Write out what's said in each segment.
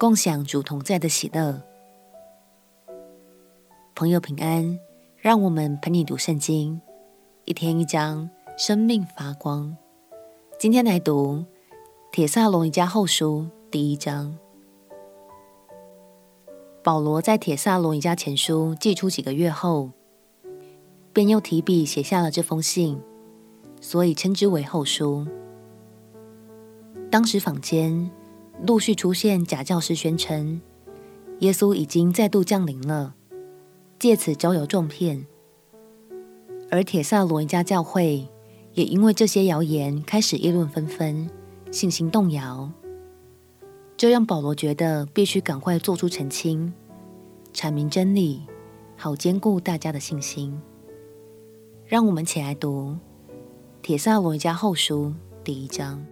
共享主同在的喜樂，朋友平安，讓我們陪你讀聖經，一天一章，生命發光。今天來讀《帖撒羅尼迦後書》第一章。保羅在《帖撒羅尼迦前書》寄出幾個月後，便又提筆寫下了這封信，所以稱之為後書。當時坊間。陸續出現假教師宣稱耶穌已經再度降臨了，借此招搖撞騙。而帖撒羅尼迦教會也因為這些謠言開始議論紛紛，信心動搖。這讓保羅覺得必須趕快做出澄清，闡明真理，好堅固大家的信心。讓我們一起來讀《帖撒羅尼迦後書》第一章。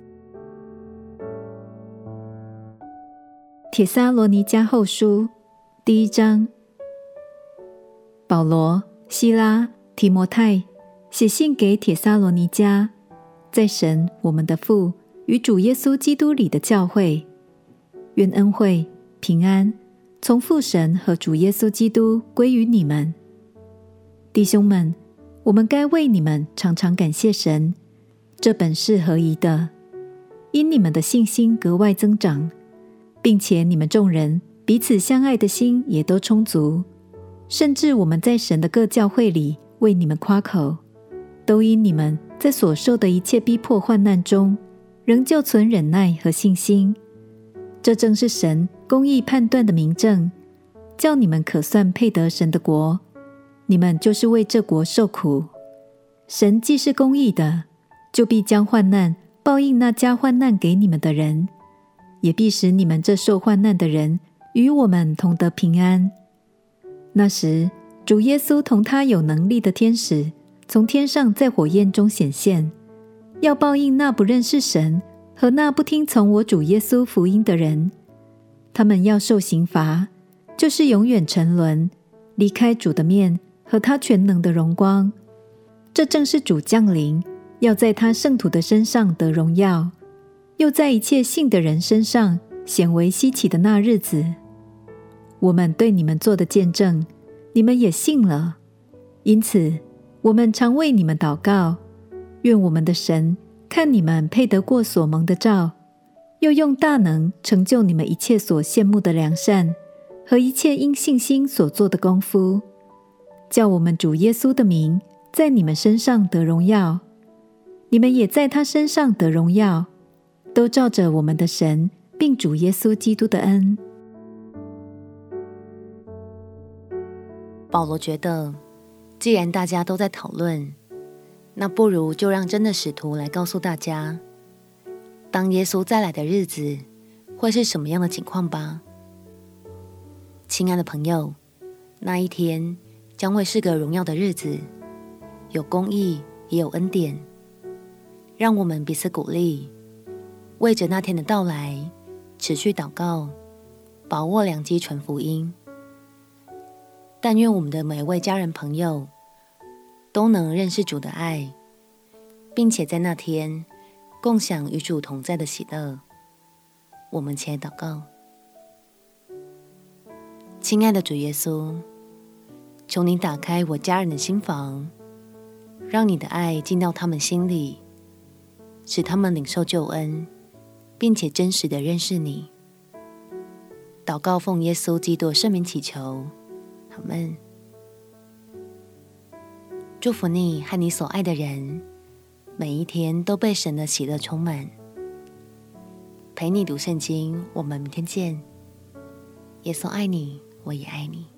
《帖撒羅尼迦後書》第一章，保羅、西拉、提摩太寫信給帖撒羅尼迦，在神我們的父與主耶穌基督裡的教會，願恩惠、平安從父神和主耶穌基督歸於你們。弟兄們，我們該為你們常常感謝神，這本是合宜的，因你們的信心格外增長。並且你們眾人彼此相愛的心也都充足，甚至我們在神的各教會裡為你們誇口，都因你們在所受的一切逼迫患難中，仍舊存忍耐和信心。這正是神公義判斷的明證，叫你們可算配得神的國。你們就是為這國受苦。神既是公義的，就必將患難報應那加患難給你們的人。也必使你們這受患難的人與我們同得平安。那時，主耶穌同他有能力的天使從天上在火焰中顯現，要報應那不認識神和那不聽從我主耶穌福音的人。他們要受刑罰，就是永遠沉淪，離開主的面和他全能的榮光。這正是主降臨，要在他聖徒的身上得榮耀。又在一切信的人身上顯為希奇的那日子，我們對你們做的見證，你們也信了。因此，我們常為你們禱告，願我們的神看你們配得過所蒙的召，又用大能成就你們一切所羨慕的良善和一切因信心所做的功夫，叫我們主耶穌的名在你們身上得榮耀，你們也在他身上得榮耀。都照着我們的神，並主耶穌基督的恩。保羅覺得，既然大家都在討論，那不如就讓真的使徒來告訴大家，當耶穌再來的日子會是什麼樣的情況吧。親愛的朋友，那一天將會是個榮耀的日子，有公義也有恩典。讓我們彼此鼓勵。為着那天的到來，持續禱告，把握良機傳福音。但願我們的每一位家人朋友都能認識主的愛，並且在那天共享與主同在的喜樂。我們起來禱告，親愛的主耶穌，求你打開我家人的心房，讓你的愛進到他們心裡，使他們領受救恩。並且真實的認識你，禱告奉耶穌基督聖名祈求，阿門。祝福你和你所愛的人，每一天都被神的喜樂充滿。陪你讀聖經，我們明天見。耶穌愛你，我也愛你。